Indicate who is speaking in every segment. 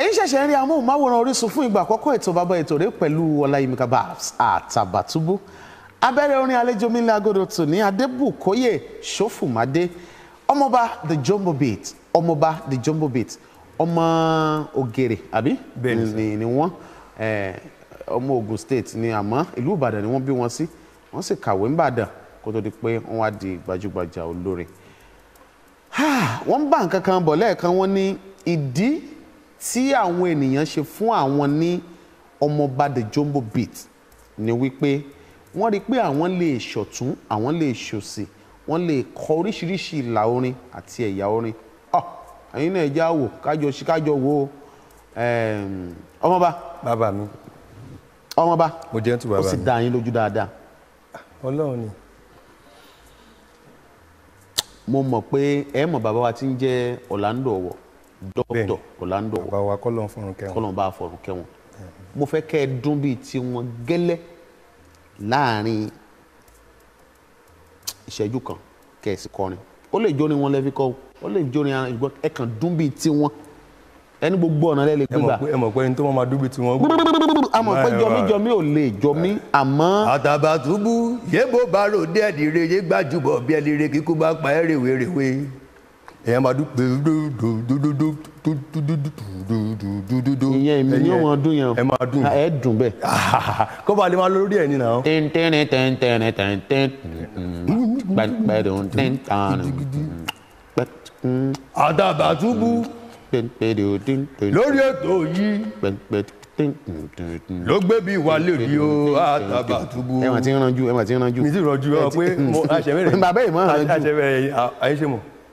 Speaker 1: ẹ̀yin ṣẹ̀ṣẹ̀ ń rí amóhùnmáwòrán Orísun fún ìgbà àkọ́kọ́ ètò bàbá ètò rẹ̀ pẹ̀lú Ọláyímíkà Babs Àtàbàtúbú abẹ́rẹ́ orin àlejò mi lágodo tòní Adébùkóyè Ṣófùmádé ọmọọba the jumbo beat ọmọọba the jumbo beat ọmọ Ògèrè àbí ni wọ́n ọmọ Ògùn state ni àmọ́ ìlú Ìbàdàn ni wọ́n bí wọn sí wọ́n sì kàwé ńbàdàn kó tó di pé wọ́n wá di gbajúgbajà olórin wọ́n bá nǹkan kan bọ̀ lẹ́ẹ̀kan wọ́n ní ìdí tí àwọn ènìyàn ṣe fún àwọn ní ọmọọba the jumbo beat ni wípé wọ́n rí i pé àwọn lè ṣọ̀tún àwọn lè ṣòsì wọ́n lè kọ oríṣiríṣi ìlà orin àti ẹ̀yà orin ọ àyìn náà ẹja wò kájọ ṣe kájọ wò ọmọọba. bàbá mi. ọmọọba. mo jẹ́ tù bàbá mi. ó sì dá yín lójú dáadáa. ọlọ́run ni mo mọ̀ pé ẹ mọ̀ bàbá wa ti ń jẹ́ Orlando Owo dókítọ̀ Ọ̀làndọ̀ bàbá wa kọ́lọ́n fọ̀rùn kẹ́wọn kọ́lọ́n bá fọ̀rùn kẹ́wọn mo fẹ́ kẹ́ ẹ dún bíi tiwọn gẹ́lẹ́ láàrin ìṣẹ́jú kan kẹ́ ẹ sì kọrin ó lè jóni wọn lẹ́fi kọ́ ó lè jóni ara ìgbọ́ ẹ kàn dún bíi tiwọn ẹni gbogbo ọ̀nà lẹ́lẹ̀ gbígbà ẹ
Speaker 2: mọ̀ pé ẹni tó máa dún bíi tiwọn. àmọ́ pé jọmí
Speaker 1: jọmí ò lè jọmí àmọ́. Àtàbàtúbú yébó bá ròde ẹ̀dì rere gbajúbọ̀ bí ẹni re kíkú bá pa ẹ́
Speaker 2: rèwerèwe èèyàn máa dún.
Speaker 1: ìyẹn èmi ni wọn dún yẹn ẹ máa dún ẹ dùn bẹ́ẹ̀. kó bá lè máa lọ lórí ẹ nínú àwọn. tẹ́ntẹ́rẹ́ tẹ́ntẹ́rẹ́ tẹ́ntẹ́n gbẹdùn tẹ́ntàn. Àtàbàtúbú lórí
Speaker 2: ètò yìí
Speaker 1: ló gbé bí wálé rí o Àtàbàtúbú. ẹ mà ti ń ranjú ẹ mà ti ń ranjú. mi ti ranjú ọ pé mo àṣẹmẹrẹ bàbá
Speaker 2: yìí mọ àṣẹmẹrẹ àyè
Speaker 1: ṣe mọ.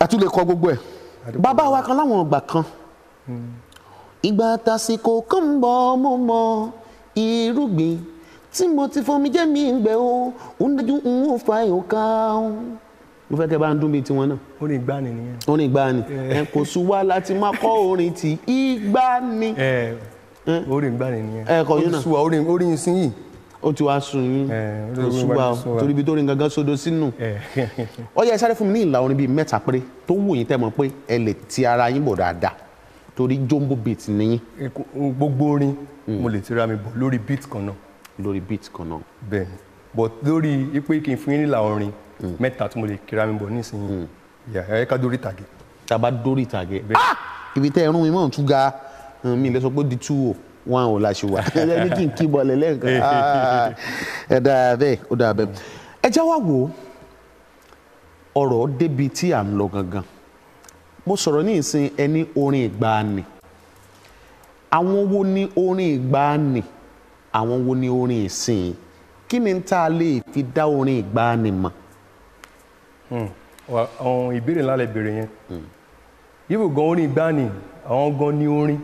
Speaker 1: ẹ tún lè kọ gbogbo ẹ bàbá wa kan láwọn ọgbà kan hmm. ìgbà tàsìkò kan ń bọ̀ mo mọ irúgbìn tí mo ti fomi jẹ́ mi gbẹ o ń dájú ń ò fa ìhòká o mo fẹ́ kẹ́ bá ń dún bíi tiwọn náà. orin ìgbàanì nìyẹn. orin ìgbàanì eh. kò sùn wá láti máa kọ́ orin ti ìgbàanì. Eh. Eh. orin ìgbàanì nìyẹn. ẹ kọ yín náà. orin ìsìn yìí ó ti wá sùn yín ṣùgbọ́n eh, torí ibi tó rí gangan sodo sínú eh. ó yẹ sáré fún mi ní ìlà orin bíi mẹ́ta péré tó wù yín tẹ́ pé ẹ lè ti ara yín bọ̀ dáadáa torí jumbo beat nìyí. gbogbo orin mm. mo lè tira mi bọ̀ lórí beat kan náà. lórí beat kan náà. bẹ́ẹ̀ni
Speaker 2: but lórí ipe kí n fún yín ní orin mm. mẹ́ta tí mo lè kira mi bọ̀ nísìnyí mm. ẹ ká
Speaker 1: dórí ìtàgé. tá a bá dórí ìtàgé ah! ibi tẹ́ ẹ rún mi mọ̀ tún ga hm, mi lè sọ pé di two o wọn ò láṣù wà ẹni kí n kí bọ̀lẹ̀ lẹ́ẹ̀kan ah, ẹ dáa bẹ́ẹ̀ ó dáa bẹ́ẹ̀ ẹ já wá wò ọ̀rọ̀ débi tí à ń lọ gangan mo sọ̀rọ̀ ní ìsìn ẹni orin ìgbàanì àwọn wo ni orin ìgbàanì àwọn wo ni orin ìsìn kí ni tá a lè fi dá orin ìgbàanì mọ̀. Hmm,
Speaker 2: àwọn ìbéèrè ńlá lè béèrè yẹn yíbo hmm. gan orin ìgbàanì àwọn gan ni orin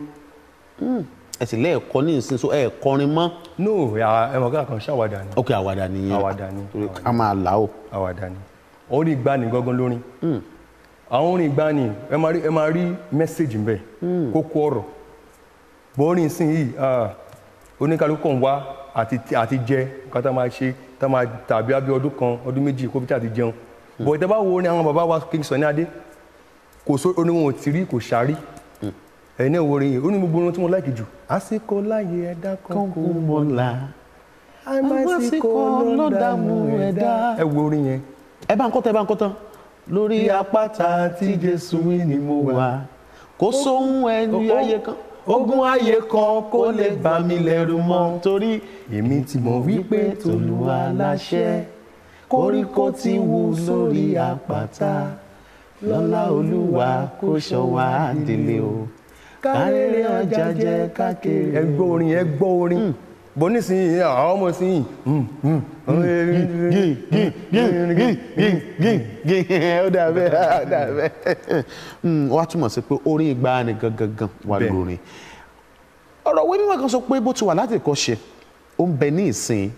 Speaker 1: hmm ẹ sì lẹ́ẹ̀kọ́ ní ìsìn so ẹ kọrin mọ́. no ẹmọ kan kan ṣàwádà ni. ok
Speaker 2: àwàdà nìyẹn àwàdà ni torí ká máa là ó. àwàdà ni orin ìgbani gangan lórin hmm. àwọn orin ìgbani ẹ máa rí ẹ máa rí mẹ́sẹ̀gì mbẹ́ hmm. kókó ọ̀rọ̀ bọ́ọ̀rì ìsìn yìí oníkálukú kan wá àti jẹ nǹkan tá máa ṣe tá máa tàbí abí ọdún kan ọdún méjì kó fi àti jẹun hmm. bọ̀ ìtẹ́ bá wo orin àwọn bàbá wa kí n sọ ní adé kò sórí oníwọ̀n ẹ̀yin náà wo orin yìí ó ní gbogbo orin tí mo láìkì jù
Speaker 1: àsìkò láàyè ẹ̀dá kan kò mọ̀ la àmásìkò ló dààmú ẹ̀dá. ẹ wo orin yẹn. ẹ bá ń kọ́ tán ẹ bá ń kọ́ tán. lórí àpáta tí Jésù ni mo wà kò sóhun ẹni ayé kan ogun ayé kan kò lè bà mí lẹ́rù mọ́ torí èmi ti mọ̀ wípé tòlúwa láṣẹ koríko ti wù lórí àpáta lọ́lá Olúwa kò ṣọ́ wa délé o. kárẹ́rẹ́ ọjà jẹ́
Speaker 2: káàkiri. ẹ gbọ́ orin ẹ gbọ́ orin hmm. bó ní sìn yìí àwọn ọmọ sìn hmm, hmm.
Speaker 1: yìí. ó dà bẹ́ẹ̀ ó dà bẹ́ẹ̀. wọ́n á túmọ̀ sí pé orin ìgbà ni gangan wà lórin. ọ̀rọ̀ wí mímọ́ kan sọ pé bó ti wà láti ṣe ó ń bẹ ní ìsìn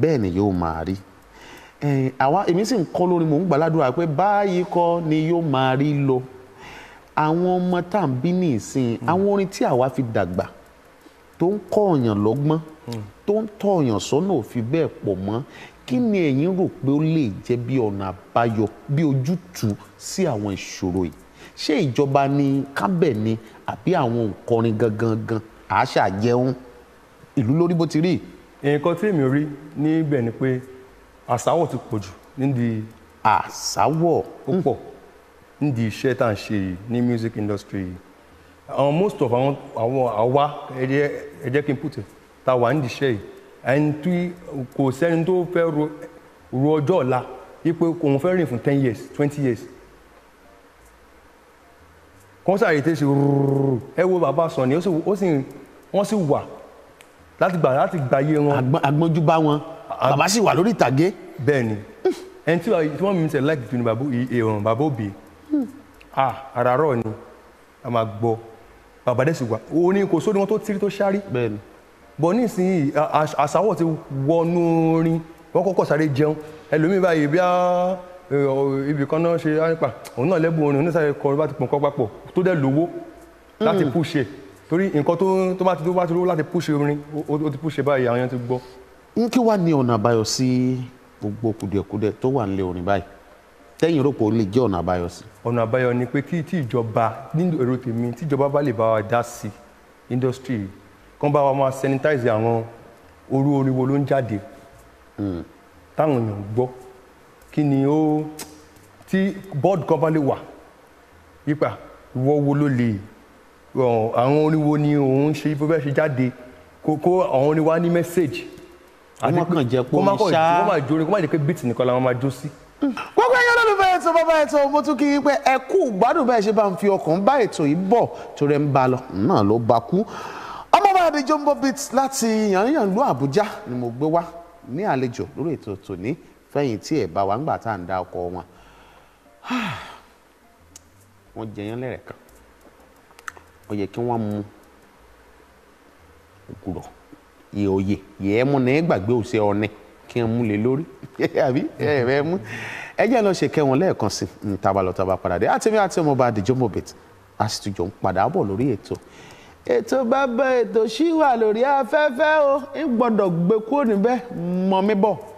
Speaker 1: bẹ́ẹ̀ ni yóò máa rí àwa èmi sì ń kọ́ lórí mò ń báyìí kọ́ ni yóò máa rí àwọn ọmọ tá à ń bí ní ìsìn àwọn orin tí àwa fi dàgbà tó ń kọ́ ọ̀yàn lọ́gbọ́n tó ń tọ́ ọ̀yàn sọ́nà ò fi bẹ́ẹ̀ pọ̀ mọ́ kí ni ẹ̀yin rò pé ó lè jẹ́ bí ọ̀nà àbáyọ bí ojútùú sí àwọn ìṣòro yìí ṣé ìjọba ni kábẹ̀ ni àbí àwọn òǹkọrin gangan gan àáṣà jẹun ìlú lórí bó ti rí. nǹkan tí èmi rí
Speaker 2: níbẹ̀ ni pé àṣàwọ̀ ti pọ̀ jù nídìí. àṣàwọ̀ ó pọ̀ nídìí iṣẹ́ tá à ń ṣe ní music industry yìí most of àwọn àwọn àwa ẹ jẹ́ kí n put it tá a wà nídìí iṣẹ́ yìí ẹni tí kò sẹ́ni tó fẹ́ ro ọjọ́ ọ̀la wípé òun fẹ́ rìn fún ten years twenty years kọ́nsá yìí tẹ́ ṣe rúrúrú ẹ wo bàbá sàn ni ó sì wọ́n sì wà láti gbà láti gbà yé wọn. agbọ́njú bá wọn bàbá sì wà lórí ìtàgé. bẹ́ẹ̀ ni ẹni tí like mímí sẹ́ láìpẹ́ ní bàbá òbí àràárọ̀ hmm. ah, ni a máa gbọ́ bàbá dẹ̀ sì wà ó ní kò sóni wọn tó tírí tó ṣáárí bọ̀ nísìnyí àṣàwọ̀ ti wọnú orin wọ́n kọ́kọ́ sáré jẹun ẹlòmíì báyìí bí ibì kan náà ṣe àyípa òun náà lẹ́bùn orin oníṣàyẹ kọrin bá ti pọ̀n kọ́ papọ̀ tó dẹ̀ lówó láti hmm. púṣe torí nǹkan tó bá ti tó bá ti lówó láti púṣe orin ó ti púṣe báyìí àwọn yẹn ti gbọ́.
Speaker 1: kí wàá ní ọ̀nà àbáyọ sí gbogbo kùdìẹ̀kudiẹ tó wà nílé orin báyìí tẹ́yìn rò pé ó lè jẹ́ ọ̀nà àbáyọ sí.
Speaker 2: ọ̀nà àbáyọ ni pé kí tí ìjọba nínú èrò tèmi tí ìjọba bá lè bá wa dá sí industry kán bá wa máa sanitize àwọn orú oríwo ló ń jáde hmm. táwọn èèyàn gbọ́ kí ni ó tí board kan bá lè wà yípa ìwọ wo ló lè àwọn oríwo ni òun ṣe bó bẹ́ẹ̀ ṣe jáde kókó àwọn oríwa ní message. kó má kàn jẹ́ pé orin ṣáá kó má jó orin kó má jẹ́ pé beat nìkan làwọn máa jó sí.
Speaker 1: kó ètò bàbá ètò mo tún kí pé ẹ kú gbádùn bẹ́ẹ̀ ṣe bá ń fi ọkàn bá ètò yìí bọ̀ torí ẹ ń ba lọ náà ló bá kú ọmọọba àdé jumbo beat láti yànyànlú Àbújá ni mo gbé wá ní àlejò lórí ètò tòní fẹ̀yìn tí ẹ̀ bá wà ńgbà tá à ń dá ọkọ wọn wọ́n jẹyàn lẹ́rẹ̀ kan ó yẹ kí wọ́n mú òkúrọ̀ yẹ òye yẹ ẹ́ mú ní gbàgbé òṣè ọ̀nẹ́ kí n mú lé lórí àbí ẹ ẹ mú ẹ jẹ́ lọ ṣe kẹwọn lẹ́ẹ̀kan sí i tá a bá lọ tá a bá padà dé àtẹ̀mí a sì tún jọ ń padà bọ̀ lórí ètò. ètò bàbá ètò ṣì wà lórí afẹ́fẹ́ o ń gbọ́dọ̀ gbé kúrò níbẹ̀ mọ̀ bọ̀.